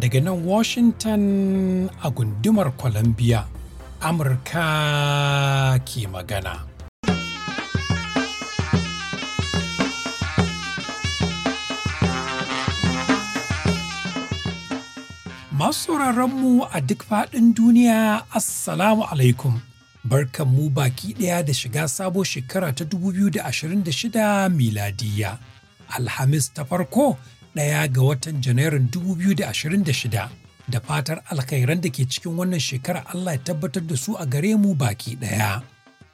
Daga nan Washington a gundumar Columbia, Amurka ke magana. Masu mu a duk faɗin duniya, Assalamu alaikum. barkan mu baki ɗaya da shiga sabo shekara ta 2026 miladiya. Alhamis ta farko ɗaya ga watan Janairun 2026 da fatar alkhairan da ke cikin wannan shekara Allah ya tabbatar da su a gare mu baki ɗaya.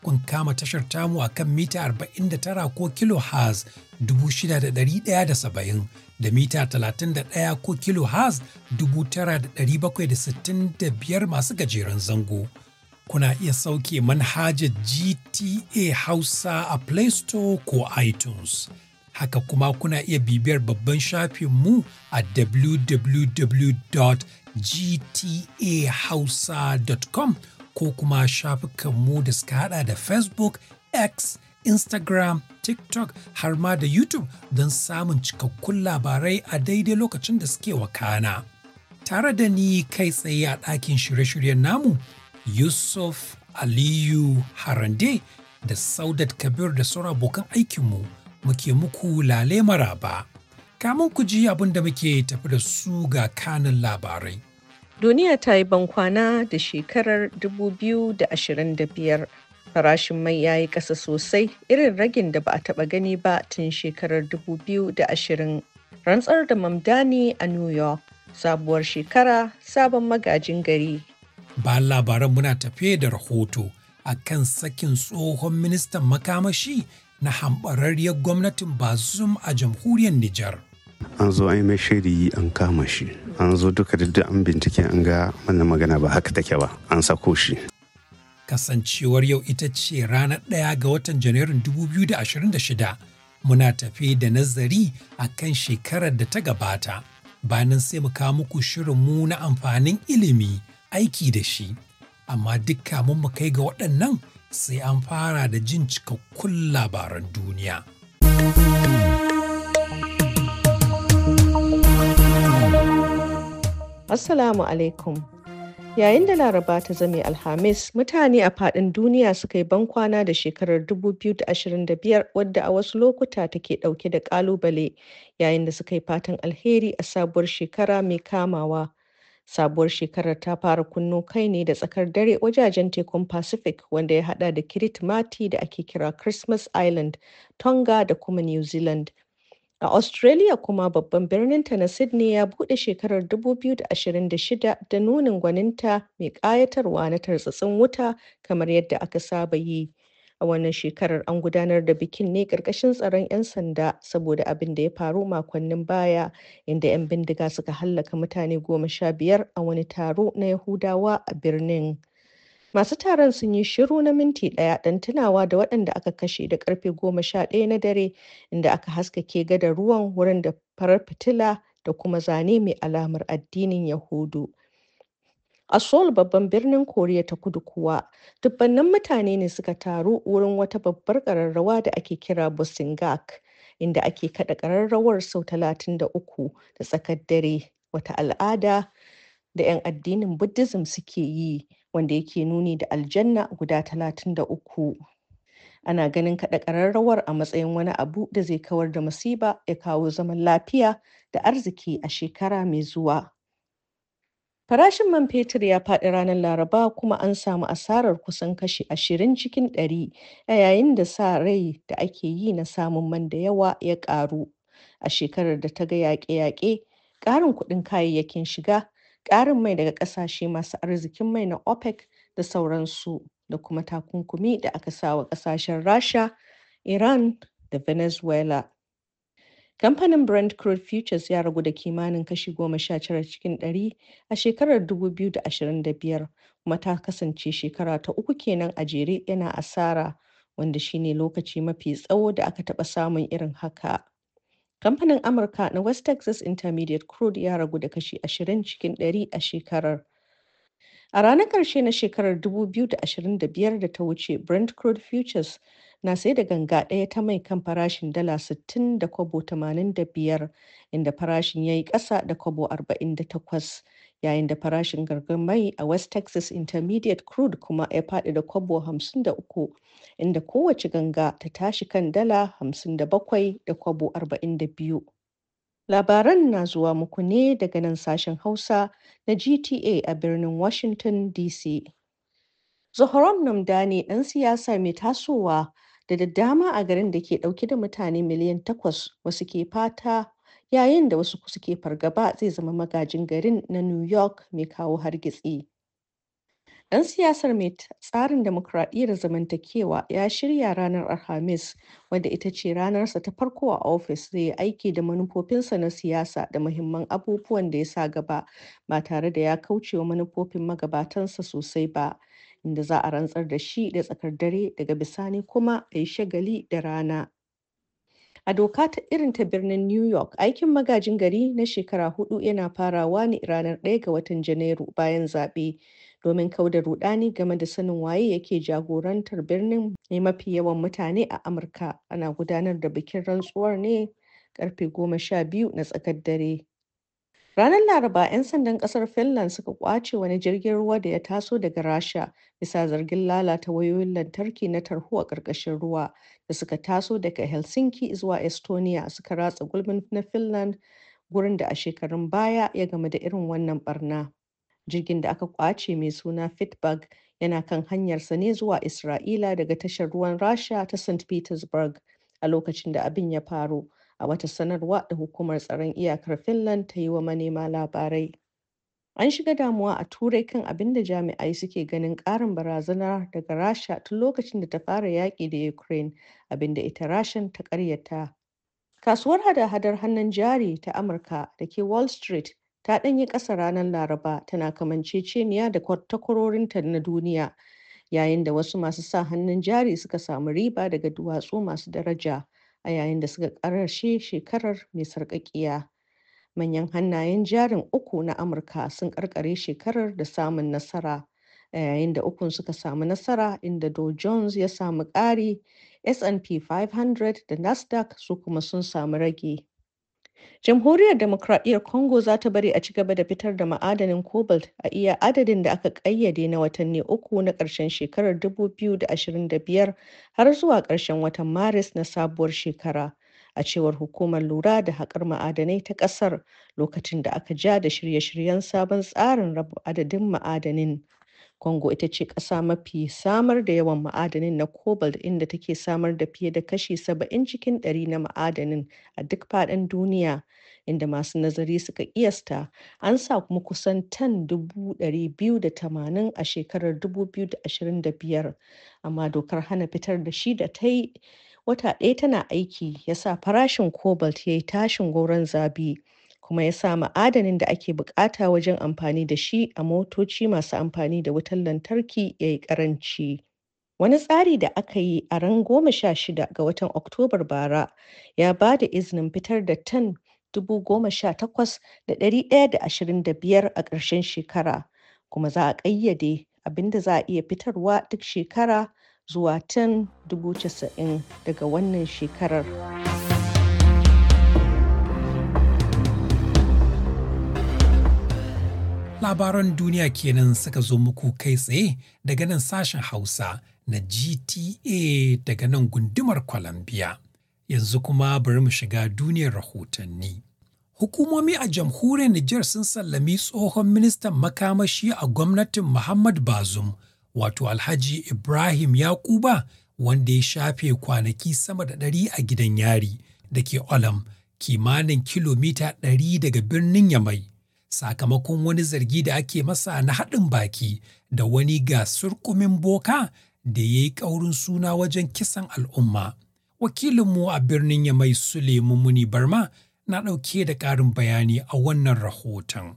Kun kama tashar tamu a kan mita 49 ko kilohertz 6,170 da mita 31 ko da 9,765 masu gajeren zango. kuna iya sauke manhajar GTA Hausa a Play Store ko iTunes. Haka kuma kuna iya bibiyar babban shafin mu a www.gtahausa.com ko kuma shafukanmu da suka hada da Facebook, X, Instagram, TikTok har ma da YouTube don samun cikakkun labarai a daidai lokacin da suke wakana. Tare da ni kai tsaye a ɗakin shirye-shiryen namu Yusuf Aliyu Harande da Saudat Kabir da sauran abokan aikinmu muke muku lale maraba. Kamun ku ji abin da muke tafi da su ga kanin labarai. Duniya ta yi bankwana da shekarar 2025. Farashin mai ya yi ƙasa sosai irin ragin da ba a taɓa gani ba tun shekarar 2020. Rantsar da Mamdani a New York, sabuwar shekara, sabon magajin gari Ba labaran muna tafe da rahoto a kan sakin tsohon ministan makamashi na hambararriyar gwamnatin Bazum a jamhuriyar Nijar. An zo an yi mai shiri an kama shi, an zo duka da an bincike an ga wannan magana ba haka take ba, an sako shi. Kasancewar yau ita ce ranar ɗaya ga watan Janairun 2026 muna tafe da nazari a kan shekarar da ta gabata. Bayanan sai mu kawo muku shirin mu na amfanin ilimi. aiki da shi, amma dukka, mun mu kai ga waɗannan sai an fara da jin cikakkun labaran duniya. Assalamu alaikum. Yayin da Laraba ta zame Alhamis, mutane a faɗin duniya suka yi bankwana da shekarar 2025 wadda a wasu lokuta take ɗauke da ƙalubale yayin da suka yi fatan alheri a sabuwar shekara mai kamawa. Sabuwar shekarar ta fara kunno kai ne da tsakar dare wajajen tekun Pacific wanda ya hada da kiritimati da ake kira Christmas Island, Tonga da kuma New Zealand. A Australia kuma babban birninta na Sydney ya bude shekarar 2026 da nunin gwaninta mai kayatarwa na tartsatsin wuta kamar yadda aka saba yi. A wannan shekarar an gudanar da bikin ne ƙarƙashin tsaron 'yan sanda saboda abin da ya faru makonnin baya inda 'yan bindiga suka hallaka mutane goma sha biyar a wani taro na Yahudawa a birnin. Masu taron sun yi shiru na minti ɗaya don tunawa da waɗanda aka kashe da ƙarfe goma sha ɗaya na dare inda aka haskake gadar ruwan wurin da farar fitila da kuma zane mai alamar addinin Yahudu. A Seoul babban birnin Koriya ta kudu kuwa, dubbannin mutane ne suka taru wurin wata babbar ƙararrawa da ake kira Bosingak, inda ake kada ƙararrawar sau 33 da tsakar dare, wata al'ada da 'yan addinin Buddhism suke yi, wanda yake nuni da aljanna guda 33. Ana ganin kaɗa ƙararrawar a matsayin wani abu da zai kawar da masiba ya kawo zaman lafiya da arziki a shekara mai zuwa. Farashin man fetur ya faɗi ranar Laraba kuma an samu asarar kusan kashi ashirin cikin ɗari a yayin da sa rai da ake yi na samun man da yawa ya ƙaru a shekarar da ta ga yaƙe-yaƙe, ƙarin kuɗin kayayyakin shiga, ƙarin mai daga ƙasashe masu arzikin mai na OPEC da sauransu da kuma takunkumi da aka sa wa ƙasashen Rasha, Iran da Venezuela. Kamfanin Brent Crude Futures ya ragu da kimanin kashi goma sha 19 cikin ɗari a shekarar 2025 kuma ta kasance shekara ta uku kenan a jere yana asara, wanda shine lokaci mafi tsawo da aka taba samun irin haka. Kamfanin Amurka na West Texas Intermediate Crude ya ragu da kashi 20 cikin ɗari a shekarar. A ranar ƙarshe na shekarar 2025 da ta wuce, Brent Crude Futures na sai da ganga ɗaya ta mai kan farashin dala 60 da kwabo 85 inda farashin ya yi ƙasa da kwabo 48 yayin da farashin gargar mai a West Texas Intermediate Crude kuma ya faɗi da kwabo 53 inda kowace ganga ta tashi kan dala 57 da kwabo 42. Labaran na zuwa muku ne daga nan sashen Hausa na GTA a birnin Washington DC. Zohram Namdani ɗan siyasa mai tasowa da dama a garin da ke ɗauke da mutane miliyan takwas wasu ke fata yayin da wasu suke fargaba zai zama magajin garin na New York mai kawo hargitsi. Ɗan siyasar mai tsarin demokuraɗiyyar zamantakewa ya shirya ranar Alhamis, wanda ita ce ranarsa ta farko a ofis, zai yi aiki da manufofinsa na siyasa da muhimman abubuwan da ya sa gaba ba tare da ya kauce wa manufofin magabatansa sosai ba, inda za a rantsar da shi da tsakar dare daga bisani kuma a yi shagali da rana. A doka ta irin ta birnin New York, aikin magajin gari na shekara hudu yana farawa ne ranar 1 ga watan Janairu bayan zaɓe. domin kauda rudani game da sanin waye yake jagorantar birnin ne mafi yawan mutane a Amurka ana gudanar da bikin rantsuwar ne karfe goma sha biyu na tsakar dare. Ranar Laraba 'yan sandan kasar Finland suka kwace wani jirgin ruwa da ya taso daga Rasha bisa zargin lalata wayoyin lantarki na tarho a ƙarƙashin ruwa da suka taso daga Helsinki zuwa Estonia suka ratsa gulbin na Finland gurin da a shekarun baya ya game da irin wannan barna. Jirgin da aka kwace mai suna Pittsburgh yana kan hanyarsa ne zuwa Isra'ila daga tashar ruwan Rasha ta St. Petersburg a lokacin da abin ya faru, a wata sanarwa da Hukumar Tsaron Iyakar Finland ta yi wa manema labarai. An shiga damuwa a Turai kan abin da jami'ai suke ganin ƙarin barazana daga Rasha tun lokacin da ta fara yaƙi da Ukraine, abin da ita Rashan ta ƙaryata. Kasuwar hada-hadar hannun jari ta Amurka da ke Wall Street ta ɗanyi ƙasa ranar Laraba tana kamanceceniya da kwartakwarorinta na duniya yayin da wasu masu sa hannun jari suka samu riba daga duwatsu masu daraja a yayin da suka ƙarashe shekarar mai sarƙaƙiya. Manyan hannayen jarin uku na Amurka sun ƙarƙare shekarar da samun nasara. a yayin da ukun suka samu nasara inda Dow Jones ya samu ƙari S&P 500 da Nasdaq su kuma sun samu rage. Jamhuriyar Demokradiyyar Congo za ta bari a ci gaba da fitar da ma'adanin Kobalt a iya adadin da aka ƙayyade na watanni uku na ƙarshen shekarar 2025 har zuwa ƙarshen watan Maris na sabuwar shekara. A cewar hukumar lura da haƙar ma'adanai ta ƙasar lokacin da aka ja da shirye-shiryen sabon tsarin raba adadin ma'adanin. Congo ita ce ƙasa mafi samar da yawan ma'adanin na cobalt inda take samar da fiye da kashi 70 cikin ɗari na ma'adanin a duk faɗin duniya, inda masu nazari suka ƙiyasta an sa kuma kusan tan 280,000 a shekarar 2025, amma dokar hana fitar da shi da ta yi wata ɗaya tana aiki ya sa farashin cobalt ya yi tashin gwauron zabi kuma ya sa ma'adanin da ake buƙata wajen amfani da shi a motoci masu amfani da wutar lantarki ya yi ƙaranci. Wani tsari da aka yi a ran goma sha shida ga watan Oktobar bara ya ba da izinin fitar da tan dubu goma sha takwas da ɗari ɗaya da ashirin da biyar a ƙarshen shekara, kuma za a ƙayyade abinda za a iya fitarwa duk shekara zuwa tan dubu casa'in daga wannan shekarar. Labaran duniya kenan suka zo muku kai tsaye daga nan sashen Hausa na GTA daga nan gundumar Columbia. Yanzu kuma bari mu shiga duniyar rahotanni. Hukumomi a jamhuriyar Nijar sun sallami tsohon ministan makamashi a gwamnatin Muhammad Bazum, wato Alhaji Ibrahim Yakuba wanda ya shafe kwanaki sama da ɗari a gidan yari da ke Olam, kimanin kilomita ɗari daga birnin Yamai. sakamakon wani zargi da ake masa na haɗin baki da wani ga surkumin boka da ya yi ƙaurin suna wajen kisan al'umma. Wakilinmu a birnin ya Yamai Sulemu Muni Barma na ɗauke da ƙarin bayani a wannan rahoton.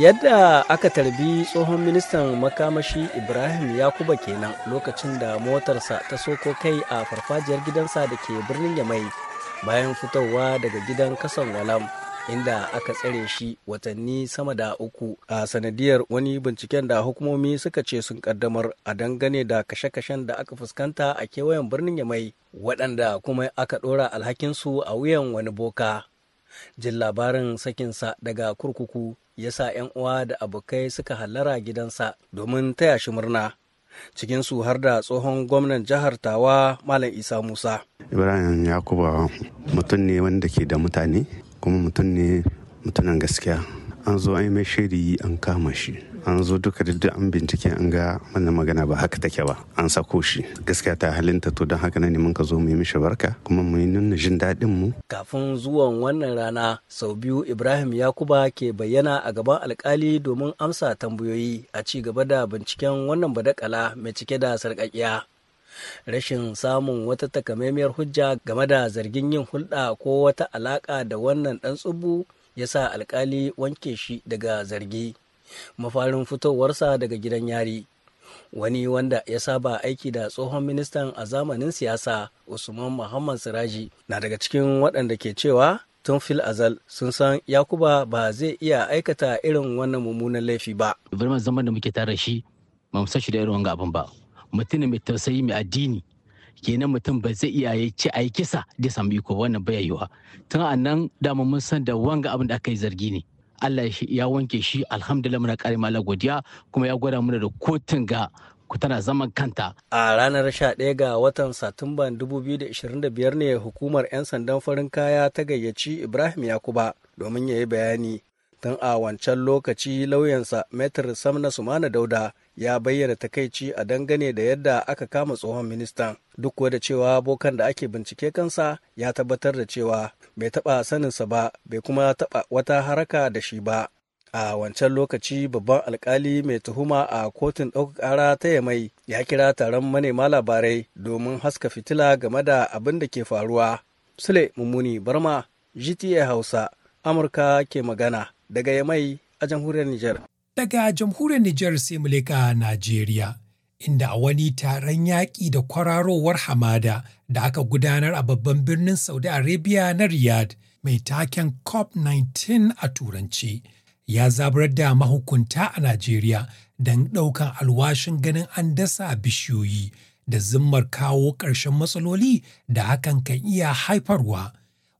Yadda aka tarbi tsohon ministan makamashi Ibrahim Yakuba kenan lokacin da motarsa ta soko kai a farfajiyar gidansa da ke birnin Yamai bayan fitowa daga gidan kasan walam inda aka tsare shi watanni sama da uku a sanadiyar wani binciken da hukumomi suka ce sun kaddamar a dangane da kashe-kashen da aka fuskanta a kewayen birnin ya mai, waɗanda kuma aka ɗora alhakinsu a wuyan wani boka jin labarin sakinsa daga kurkuku ya sa 'yan uwa da abokai suka hallara gidansa domin taya shi murna cikinsu har da tsohon gwamnan jihar tawa malam isa musa ibrahim yakuba mutum ne wanda ke da mutane kuma mutum ne mutumin gaskiya an zo an yi mai shiri an kama shi an zo duka duk an bincike an ga wannan magana ba haka take ba an sako shi gaskiya ta halinta to don haka ne mun ka zo mu yi mishi barka kuma mu yi nuna jin daɗin mu kafin zuwan wannan rana sau biyu Ibrahim Yakuba ke bayyana a gaban alkali domin amsa tambayoyi a ci gaba da binciken wannan badakala mai cike da sarƙaƙiya rashin samun wata takamaimiyar hujja game da zargin yin hulɗa ko wata alaƙa da wannan ɗan tsubu ya sa alkali wanke shi daga zargi mafarin fitowarsa daga gidan yari wani wanda ya saba aiki da tsohon ministan a zamanin siyasa usman muhammad siraji na daga cikin waɗanda ke cewa tun fil azal sun san yakuba ba zai iya aikata irin wannan mummunan laifi ba birman zaman da muke tare shi ba mu san shi da irin wanga abin ba mutum mai tausayi mai addini kenan mutum ba zai iya ya ci a yi kisa da sami iko wannan bai tun a nan dama mun san da wanga abin da aka yi zargi ne Allah ya wanke shi alhamdulillah muna kare mala godiya kuma ya gwada mana da kotun ga tana zaman kanta. A ranar 11 ga watan Satumban 2025 ne hukumar 'yan sandan farin kaya ta gayyaci Ibrahim Yakuba domin ya yi bayani. Tun a wancan lokaci lauyansa Metr Samna Sumana Dauda ya bayyana takaici a dangane da yadda aka kama tsohon ministan duk da cewa bokan da ake bincike kansa ya tabbatar da cewa bai taɓa saninsa ba bai kuma taɓa wata haraka da shi ba a wancan lokaci babban alkali mai tuhuma a kotun ɗaukakara ta yamai ya kira taron manema labarai domin haska fitila game da abin da ke faruwa sule mummuni barma gta hausa amurka ke magana daga yamai a jamhuriyar niger Daga jamhuriyar Nijar sai mu Najeriya, inda a wani taron yaƙi da kwararowar hamada da aka gudanar a babban birnin Saudi Arabia na Riyadh mai taken COP19 a Turanci. Ya zabar da mahukunta a Najeriya don ɗaukan alwashin ganin an dasa bishiyoyi da zimmar kawo ƙarshen matsaloli da hakan kan iya haifarwa.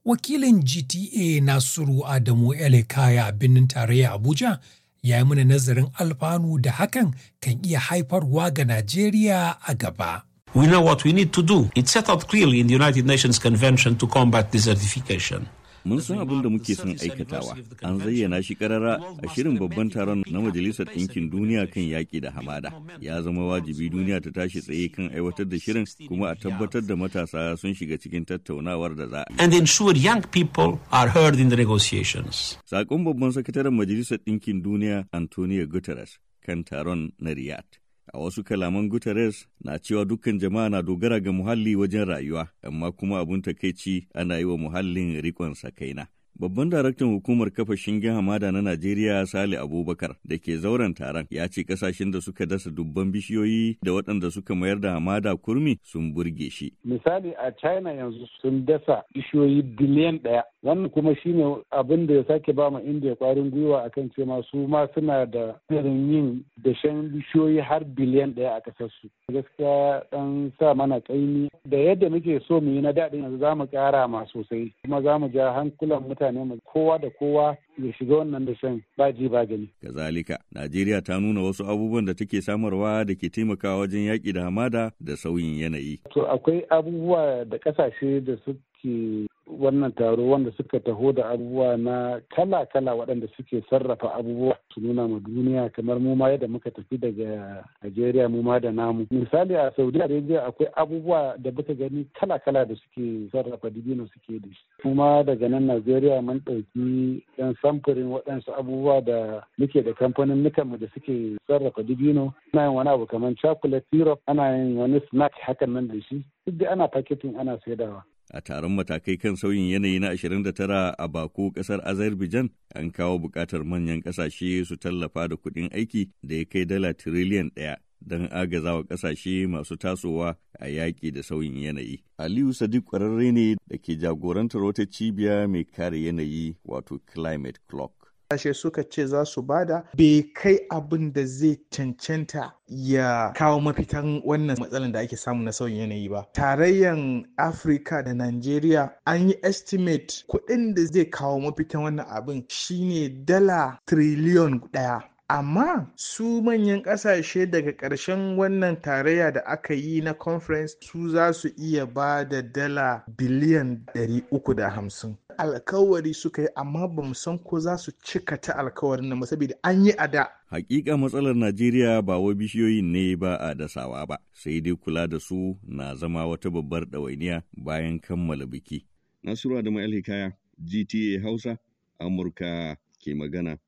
Wakilin GTA Nasiru Adamu Elekaya a birnin tarayya Abuja ya yi mana nazarin alfanu da hakan kan iya haifarwa ga Najeriya a gaba. We know what we need to do. It's set out clearly in the United Nations Convention to combat desertification. mun san abin da muke son aikatawa an zayyana shi karara a shirin babban taron na majalisar ɗinkin duniya kan yaƙi da hamada ya zama wajibi duniya ta tashi tsaye kan aiwatar da shirin kuma a tabbatar da matasa sun shiga cikin tattaunawar da za a yi saƙon young people are heard in the babban sakataren majalisar ɗinkin duniya antonio guterres kan taron na riyadh A wasu kalaman Guterres na cewa dukkan jama'a na dogara ga muhalli wajen rayuwa, amma kuma abun takaici ana yi wa muhallin rikon sakaina. Babban daraktan hukumar kafa shingen hamada na Najeriya sali Abubakar da ke zauren taron ya ce kasashen da suka dasa dubban bishiyoyi da waɗanda suka mayar da hamada kurmi sun burge shi. Misali a China yanzu sun dasa bishiyoyi biliyan ɗaya. Wannan kuma shine abin da ya sake ba ma India kwarin gwiwa akan cewa su ma suna da irin yin dashen bishiyoyi har biliyan ɗaya a ƙasar su. Gaskiya ɗan sa mana ƙaimi da yadda muke so mu yi na daɗi yanzu za mu kara ma sosai kuma za mu ja hankulan mutane mutane mu kowa da kowa ya shiga wannan dashen ba ji ba gani. Kazalika, Najeriya ta nuna wasu abubuwan da take samarwa da ke taimakawa wajen yaƙi da hamada da sauyin yanayi. To akwai abubuwa da ƙasashe da suke wannan taro wanda suka taho da abubuwa na kala-kala waɗanda suke sarrafa abubuwa su nuna ma duniya kamar mu ma yadda muka tafi daga Najeriya mu ma da namu. Misali a Saudi Arabia akwai abubuwa da buka gani kala-kala da suke sarrafa dibino suke da shi. Kuma daga nan Najeriya mun ɗauki ɗan samfurin waɗansu abubuwa da muke da kamfanin mu da suke sarrafa dibino. Ana yin wani abu kamar chocolate syrup, ana yin wani snack hakan nan da shi. Duk da ana paketin ana saidawa. a taron matakai kan sauyin yanayi na 29 a Baku kasar Azerbaijan an kawo bukatar manyan kasashe su tallafa da kuɗin aiki da ya kai dala tiriliyan ɗaya don agaza wa ƙasashe masu tasowa a yaƙi da sauyin yanayi. Aliyu Sadiq ƙwararre ne da ke jagorantar wata cibiya mai kare yanayi wato Climate Clock. kasashe suka ce za su bada bai kai abin da zai cancanta ya kawo mafitan wannan matsalar da ake samu na sauyin yanayi ba tarayyan afirka da nigeria an yi estimate kuɗin da zai kawo mafitan wannan abin shine dala triliyon ɗaya amma su manyan ƙasashe daga ƙarshen wannan tarayya da aka yi na conference su za su iya ba da dala biliyan 350 alkawari suka yi amma ba san ko za su cika ta alkawarin nan saboda an yi a da Hakika matsalar Najeriya ba wa bishiyoyin ne ba a dasawa ba, sai dai kula da su na zama wata babbar ɗawainiya bayan kammala biki. Nasiru Adamu Alhikaya, GTA Hausa, Amurka ke magana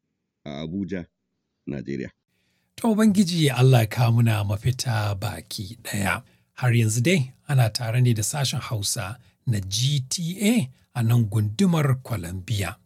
a Abuja. Najeriya. Ta Ubangiji Allah ka muna mafita baki ɗaya. Har yanzu dai ana tare ne da sashen Hausa na GTA a nan gundumar Columbia.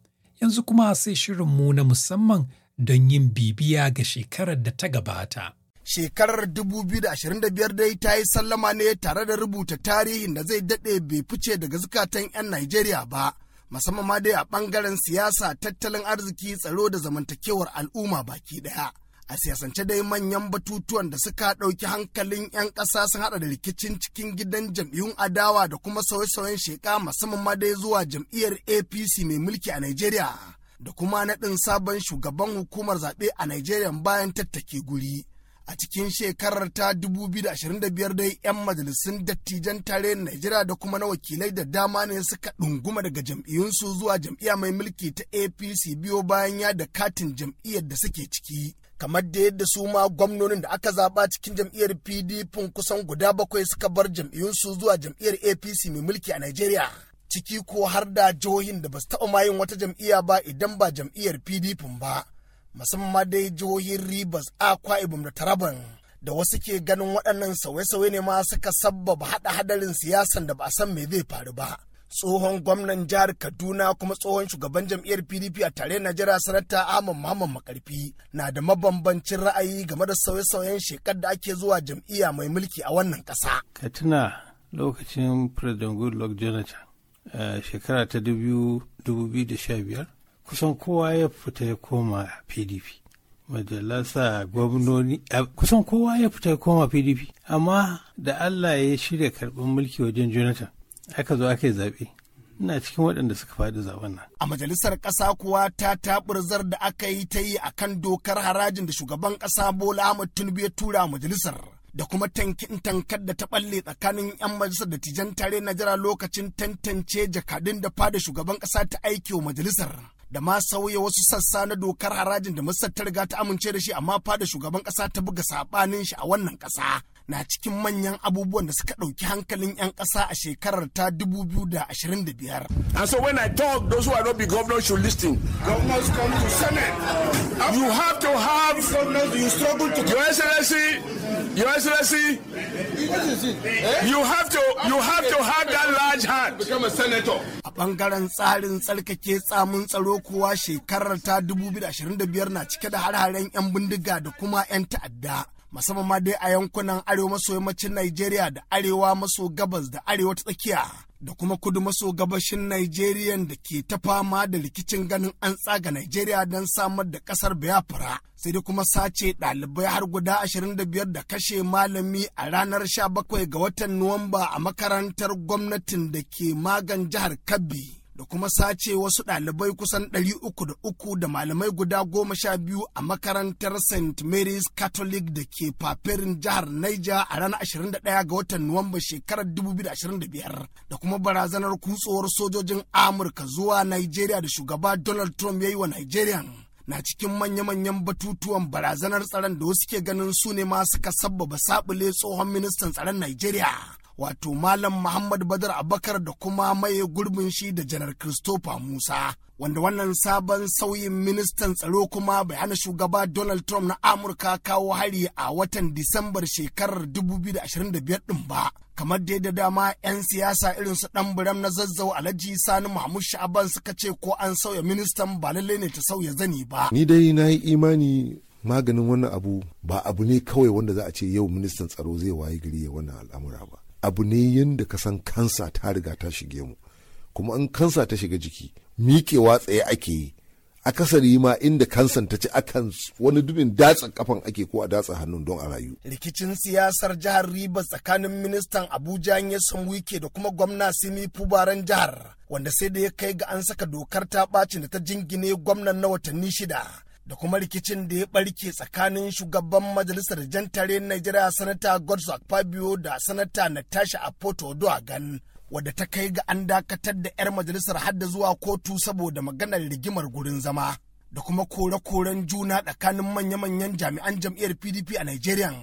Yanzu kuma sai shirin mu na musamman don yin bibiya ga shekarar da ta gabata. Shekarar 2025 dai ta yi sallama ne tare da rubuta tarihin da zai daɗe bai fice daga zukatan 'yan Najeriya ba. musamman ma dai a ɓangaren siyasa tattalin arziki tsaro da zamantakewar al'umma baki ɗaya. a siyasance dai manyan batutuwan da suka ɗauki hankalin 'yan ƙasa sun haɗa da rikicin cikin gidan jam'iyyun adawa da kuma sauye-sauyen sheƙa musamman ma dai zuwa jam'iyyar apc mai mulki a nigeria da kuma naɗin sabon shugaban hukumar zaɓe a nigeria bayan tattake guri a cikin shekarar ta 2025 dai 'yan majalisun dattijan tarayyar Najeriya da kuma na wakilai da dama ne suka ɗunguma daga jam'iyyunsu zuwa jam'iyya mai mulki ta APC biyo bayan ya da katin jam'iyyar da suke ciki. kamar da yadda su ma gwamnonin da aka zaba cikin jam'iyyar PDP kusan guda bakwai suka bar jam'iyyunsu zuwa jam'iyyar APC mai mulki a Najeriya. Ciki ko har da jihohin da ba su taɓa mayin wata jam'iyya ba idan ba jam'iyyar PDP ba. musamman dai jihohin Rivers, Akwa Ibom da Taraban da wasu ke ganin waɗannan sauye-sauye ne ma suka sabbaba haɗa hadarin siyasan da ba a san me zai faru ba. Tsohon gwamnan jihar Kaduna kuma tsohon shugaban jam'iyyar PDP a tare Najeriya sanata Ahmad Muhammad Makarfi na da mabambancin ra'ayi game da sauye-sauyen shekar da ake zuwa jam'iyya mai mulki a wannan ƙasa. Ka tuna lokacin President Goodluck Jonathan eh, shekara ta 2015 kusan kowa ya fita ya koma pdp majalasa gwamnoni kusan kowa ya fita ya koma pdp amma da allah ya shirya karɓar mulki wajen jonathan aka zo aka yi zaɓe ina cikin waɗanda suka faɗi zaben nan. A majalisar ƙasa kuwa ta taɓurzar da aka yi ta yi a kan dokar harajin da shugaban ƙasa Bola Ahmad Tinubu ya tura a majalisar. Da kuma tankin tankar da ta ɓalle tsakanin 'yan majalisar da tijan tare na jira lokacin tantance jakadun da fada shugaban ƙasa ta aiki wa majalisar. da ma sauya wasu sassa na dokar harajin da masar ta riga ta amince da shi amma fada shugaban ƙasa ta buga saɓanin shi a wannan ƙasa. na cikin manyan abubuwan da suka ɗauki hankalin 'yan ƙasa a shekarar ta 2025. And so when I talk, those who are not be governors should listen. Governors come to Senate. You have to have governors you struggle to. Your Excellency, Your Excellency, eh? you have to you have to have that large hand. Become a senator. A bangaren tsarin tsarkake tsamin tsaro kuwa shekarar ta 2025 na cike da har-haren 'yan bindiga da kuma 'yan ta'adda. musamman ma dai a yankunan arewa maso yammacin Najeriya da arewa maso gabas da arewa ta tsakiya da kuma kudu maso gabashin Najeriya da ke ta fama da rikicin ganin an tsaga Najeriya don samar da kasar Biafra sai dai kuma sace ɗalibai har guda 25 da kashe malami a ranar 17 ga watan Nuwamba a makarantar gwamnatin da ke magan jihar Kabbi. da kuma sace wasu ɗalibai kusan ɗari uku da uku da malamai guda goma sha biyu a makarantar St. Mary's Catholic da ke faferin jihar Niger a ranar 21 ga watan Nuwamba shekarar 2025 da kuma barazanar kutsuwar sojojin Amurka zuwa Nigeria da shugaba Donald Trump ya yi wa Nigerian. na cikin manya-manyan batutuwan barazanar tsaron da wasu ke ganin su ne ma suka sabbaba sabule tsohon ministan tsaron Nigeria. wato Malam Muhammad Badar Abakar da kuma mai gurbin shi da Janar Christopher Musa. Wanda wannan sabon sauyin ministan tsaro kuma bai hana shugaba Donald Trump na Amurka kawo hari a watan Disambar shekarar 2025 ɗin ba. kamar dai da dama 'yan siyasa irin su dan biram na zazzau alhaji sani mahmud sha'aban suka ce ko an sauya ministan ba lallai ne ta sauya zani ba ni dai na yi imani maganin wannan abu ba abu ne kawai wanda za a ce yau ministan tsaro zai waye gari ya wannan al'amura ba abu ne yadda ka san kansa ta riga ta shige mu kuma in kansa ta shiga jiki miƙewa tsaye ake yi akasari ma inda kansan ta ci akan wani dubin datsa kafan ake ko a datsa hannun don a rayu. Rikicin siyasar jihar Riba tsakanin ministan Abuja ya san Wike da kuma gwamna Simi Fubaran jihar wanda sai da ya kai ga an saka dokar ta bacin da ta jingine gwamnan na watanni shida. da kuma rikicin da ya barke tsakanin shugaban majalisar Jan Tare Najeriya sanata Godswill Fabio da sanata Natasha Apoto Odoagan wadda ta kai ga an dakatar da 'yar majalisar hadda zuwa kotu saboda maganar rigimar gurin zama da kuma kore-koren juna tsakanin manya-manyan jami'an jam'iyyar PDP a Najeriya.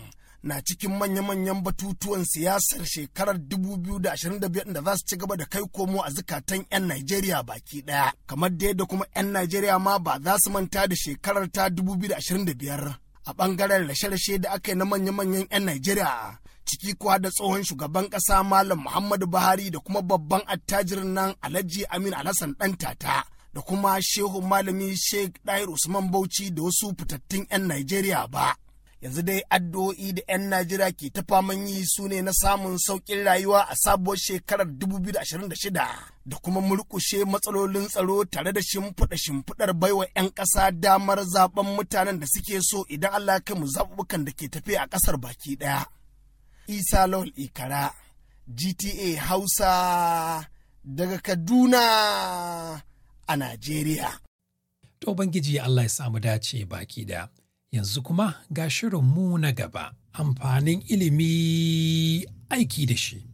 na cikin manya-manyan batutuwan siyasar shekarar 2025 da za su ci gaba da kai komo a zukatan 'yan Najeriya baki ɗaya. Kamar da yadda kuma 'yan Najeriya ma ba za su manta da shekarar ta 2025 a ɓangaren rashe-rashe da aka yi na manya-manyan 'yan Najeriya. ciki kuwa da tsohon shugaban ƙasa Malam Muhammadu Buhari da kuma babban attajirin nan Alhaji Amin Alhassan Ɗantata. da kuma shehu malami sheikh dair usman bauchi da wasu fitattun 'yan najeriya ba yanzu dai addu'o'i da 'yan Najeriya ke ta faman yi su ne na samun sauƙin rayuwa a sabuwar shekarar 2026 da kuma murƙushe matsalolin tsaro tare da shimfiɗa shimfiɗar baiwa 'yan ƙasa damar zaben mutanen da suke so idan Allah ya mu zaɓuɓɓukan da ke tafe a ƙasar baki ɗaya. Isa Lawal Ikara, GTA Hausa daga Kaduna a Najeriya. To Ubangiji Allah ya samu dace baki ɗaya. Yanzu kuma ga mu na gaba, amfanin ilimi aiki da shi.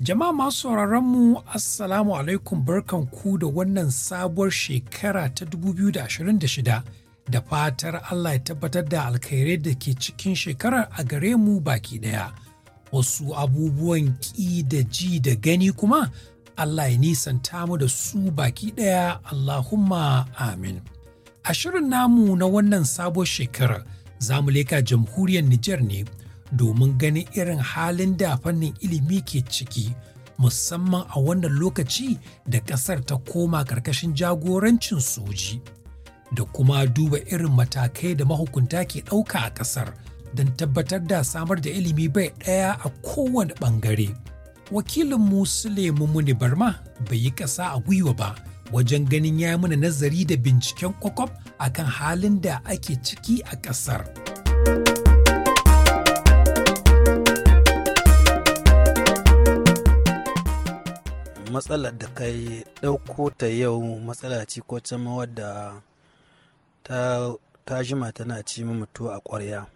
Jama'a masu mu Assalamu alaikum barkan ku da wannan sabuwar shekara ta 2026 da fatar Allah ya tabbatar da alkhairai da ke cikin shekarar a gare mu baki ɗaya. Wasu abubuwan ƙi da ji da gani kuma Allah ya nisanta mu da su baki ɗaya Allahumma amin. A shirin namu na wannan sabon shekarar za mu leka jamhuriyar Nijar ne domin ganin irin halin da fannin ilimi ke ciki musamman a wannan lokaci da ƙasar ta koma ƙarƙashin jagorancin soji da kuma duba irin matakai da mahukunta ke ɗauka a ƙasar don tabbatar da samar da ilimi bai ɗaya a kowane ɓangare. wakilin mu Sulemu Muni Barma bai yi ƙasa a gwiwa ba wajen ganin ya yi mana nazari da binciken kwakwaf kan halin da ake ciki a ƙasar. Matsalar da kai ɗauko ta yau matsala ce ko can wadda ta ta jima tana ci mutu a ƙwarya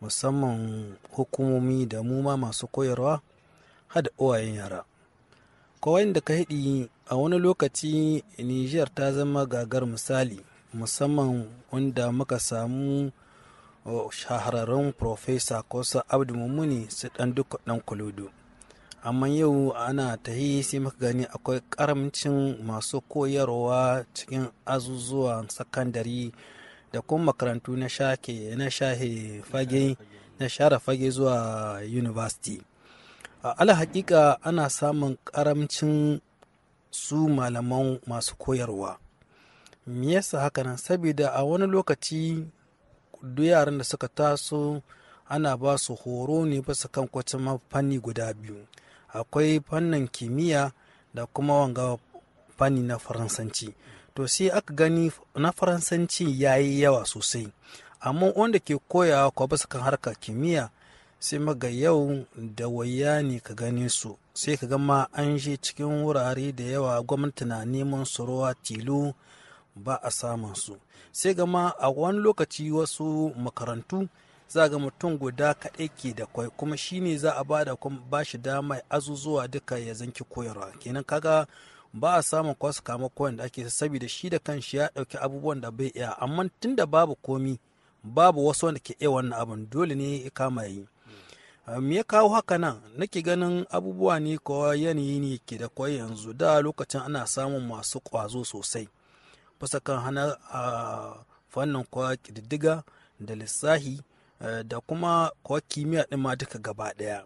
musamman hukumomi da mu ma masu koyarwa hada uwayen yara kawai da ka haɗi a wani lokaci niger ta zama gagar misali musamman wanda muka samu shahararren profesa kosa abdu mummuni su dan duka dan kuludu amma yau ana ta yi sai muka gani akwai karamcin masu koyarwa cikin azuzuwan sakandare da kuma makarantu na shahe fage share fage zuwa university ala hakika ana samun karamcin su malaman masu koyarwa me yasa haka nan saboda a wani lokaci duk yaran da suka taso ana ba su horo ne basu kan kwacin fanni guda biyu akwai fannin kimiyya da kuma wanga fanni na faransanci to sai aka gani na faransanci ya yi yawa sosai amma wanda ke koyawa kwa basu kan harkar kimiyya sai maga yau da waya ne ka gani su sai ka gama an shi cikin wurare da yawa gwamnati na neman su ruwa tilo ba a samun su sai gama a wani lokaci wasu makarantu za ga mutum guda kaɗai ke da kwai kuma shine za a ba da ba shi dama azuzuwa duka ya zanki koyarwa kenan kaga ba a samun kwasu kama koyan da ake saboda shi da kanshi ya ɗauki abubuwan da bai iya amma tunda babu komi babu wasu wanda ke iya wannan abin dole ne ya kama yi me ya kawo haka nan nake ganin abubuwa ne ko yanayi ne ke da kwai yanzu da lokacin ana samun masu kwazo sosai fasa kan hana a fannin kwa kididdiga da lissahi e, da kuma kwa kimiyya ɗin ma duka gaba ɗaya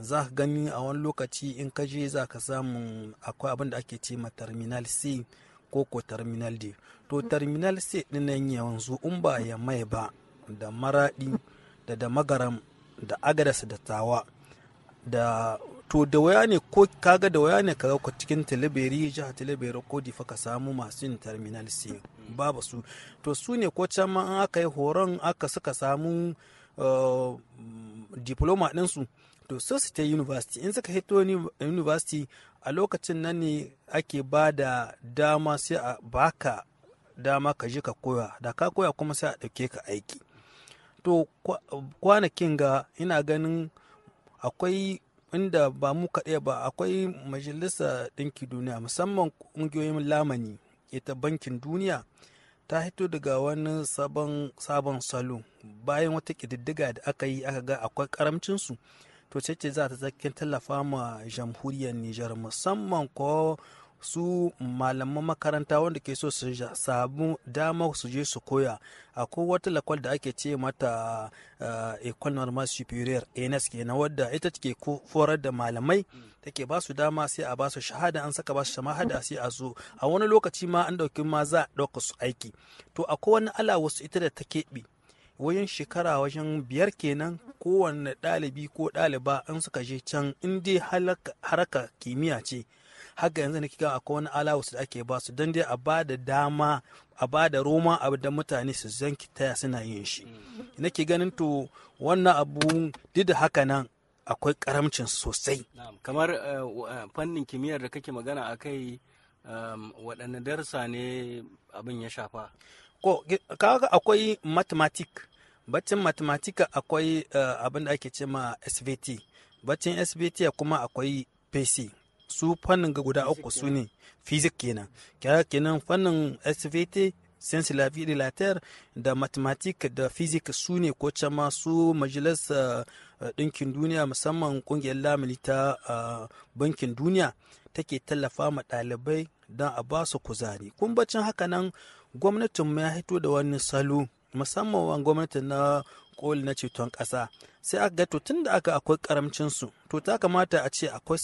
za ka gani a wani lokaci in ka je za ka samu akwai abin da ake ce ma terminal c ko ko terminal d to terminal c ɗin nan yanzu in ba ya mai ba da maraɗi da da magaram da agadas da tawa da to da waya ne ko kaga da waya ne kaga cikin talibiri jihar talibiri ko difa ka samu masu yin terminal c babu su to su ne ko can ma an aka yi horon aka suka samu eh, diploma ɗinsu to sai su ta university in suka hito university a lokacin nan ne ake ba da dama sai a baka dama ka je ka koya da ka koya kuma sai a ɗauke ka aiki to kwanakin ga ina ganin akwai inda ba mu kaɗai ba akwai majalisa ɗinki duniya musamman ƙungiyoyin lamani ita bankin duniya ta hito daga wani sabon salo bayan wata ƙididdiga da aka yi aka ga akwai karamcinsu to ce za ta zakin tallafa ma jamhuriyar nijar musamman ko su malaman makaranta wanda ke so su samu dama su je su koya akwai wata lakwal da ake ce mata eh, ecole normal superior ke e kenan wadda ita take forar da malamai take ba su dama sai a ba su shahada an saka ba su shahada sai a zo a wani lokaci ma an dauki ma za a dauka su aiki to akwai wani ala wasu ita da ta keɓe wajen shekara wajen biyar kenan kowane ɗalibi ko ɗaliba an suka je can in dai haraka kimiyya ce haka yanzu ne kika akwai wani alawus da ake ba su don dai a ba da dama a ba da roma abu da mutane su zanki taya suna yin shi mm. nake ganin to wannan abu duk da haka nan akwai karamcin sosai kamar eh, fannin kimiyyar da kake magana a kai um, waɗanne darsa ne abin ya shafa ko kaga akwai mathematic baccin matematika akwai eh, abin da ake ce ma svt baccin svt kuma akwai pc su fannin ga guda uku su ne fizik kenan kenan fannin svt sciences la vie de la da mathematics da physics su ne ko can ma su majalisar eh, eh, ɗinkin duniya musamman ƙungiyar lamuni ta eh, bankin duniya take tallafa ma dalibai don a ba su kuzari kumbacin bacin haka nan gwamnatin ya hito da wani salo musamman gwamnati na koli na ceton ƙasa sai aka ga to tun da aka akwai karamcin su to ta kamata a ce akwai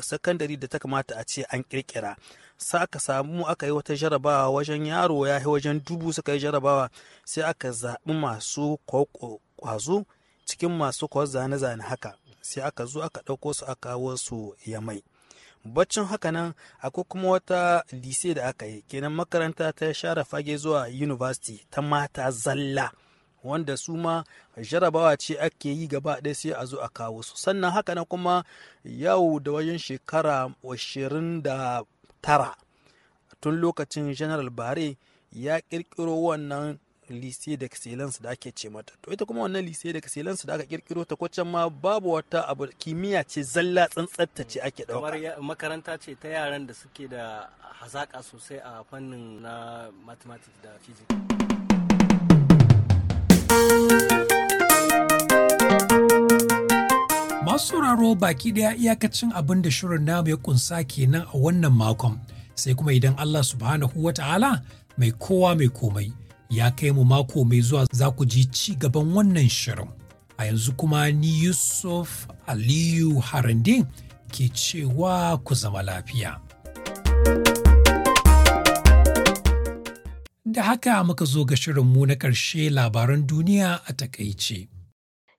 sakandare da ta kamata a ce an kirkira sa aka samu aka yi wata jarabawa wajen yaro ya yi wajen dubu suka yi jarabawa sai aka zaɓi masu kwazo cikin masu kwazo zane-zane haka sai aka zo aka ɗauko su aka kawo su yamai baccin haka nan akwai kuma wata lise da aka yi kenan makaranta ta share fage zuwa university ta mata zalla wanda su ma jarabawa ce ake yi gaba ɗaya sai a zo a kawo su sannan haka na kuma yau da wajen shekara da tara tun lokacin general bare ya ƙirƙiro wannan lycée d'excellence da ake ce mata to ita kuma wannan lycée d'excellence da aka kirkiro ta ko ma babu wata abu kimiyya ce zalla tsantsatta ce ake dauka kamar makaranta ce ta yaran da suke da hazaƙa sosai a fannin na mathematics da physics Masu sauraro baki ɗaya iyakacin abin da shirin namu ya kunsa kenan a wannan makon, sai kuma idan Allah subhanahu wa ta'ala mai kowa mai komai ya kai mu mako mai zuwa za ku ji ci gaban wannan shirin. A yanzu kuma ni Yusuf Aliyu Harande ke cewa ku zama lafiya. Da haka muka zo ga shirin mu na ƙarshe labaran duniya a takaice.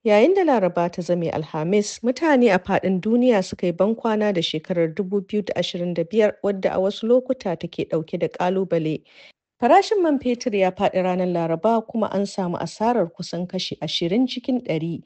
Yayin da Laraba ta zame Alhamis, mutane a faɗin duniya suka yi bankwana da shekarar 2025 wadda a wasu lokuta take ɗauke da ƙalubale. Farashin man fetur ya faɗi ranar Laraba kuma an samu asarar kusan kashi ashirin cikin 100.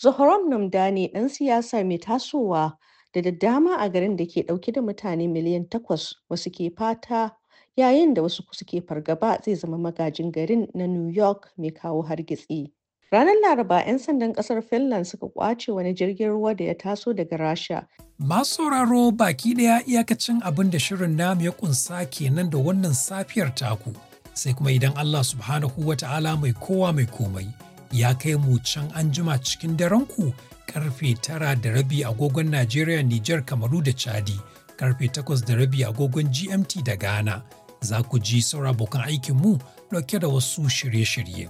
Zohram Namdani ɗan siyasa mai tasowa da da dama a garin da ke ɗauke da mutane miliyan takwas wasu ke fata yayin da wasu suke fargaba zai zama magajin garin na New York mai kawo hargitsi. Ranar Laraba 'yan sandan kasar Finland suka kwace wani jirgin ruwa da ya taso daga Rasha. Masu sauraro baki ɗaya iyakacin abin da shirin namu ya kunsa kenan da wannan safiyar taku. Sai kuma idan Allah subhanahu wa ta'ala mai kowa mai komai ya kai mu can anjima cikin daren ku karfe tara da rabi agogon Najeriya, Nijar, Kamaru da Chadi, karfe takwas da rabi agogon GMT da Ghana. Za ku ji saura abokan aikinmu ɗauke da wasu shirye-shirye.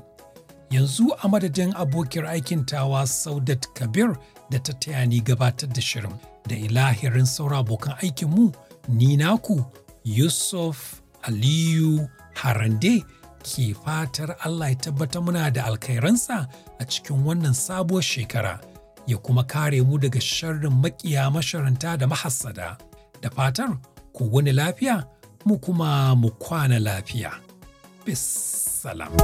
yanzu a madadin abokiyar aikin tawa Saudat Kabir da ta taya ni gabatar da shirin da ilahirin saura abokan aikinmu ni naku Yusuf Aliyu Harande ke fatar Allah ya tabbata muna da alkhairansa a cikin wannan sabuwar shekara ya kuma kare mu daga sharrin makiya masharanta da mahassada da fatar ku wani lafiya mu kuma mu kwana lafiya. Bis salam.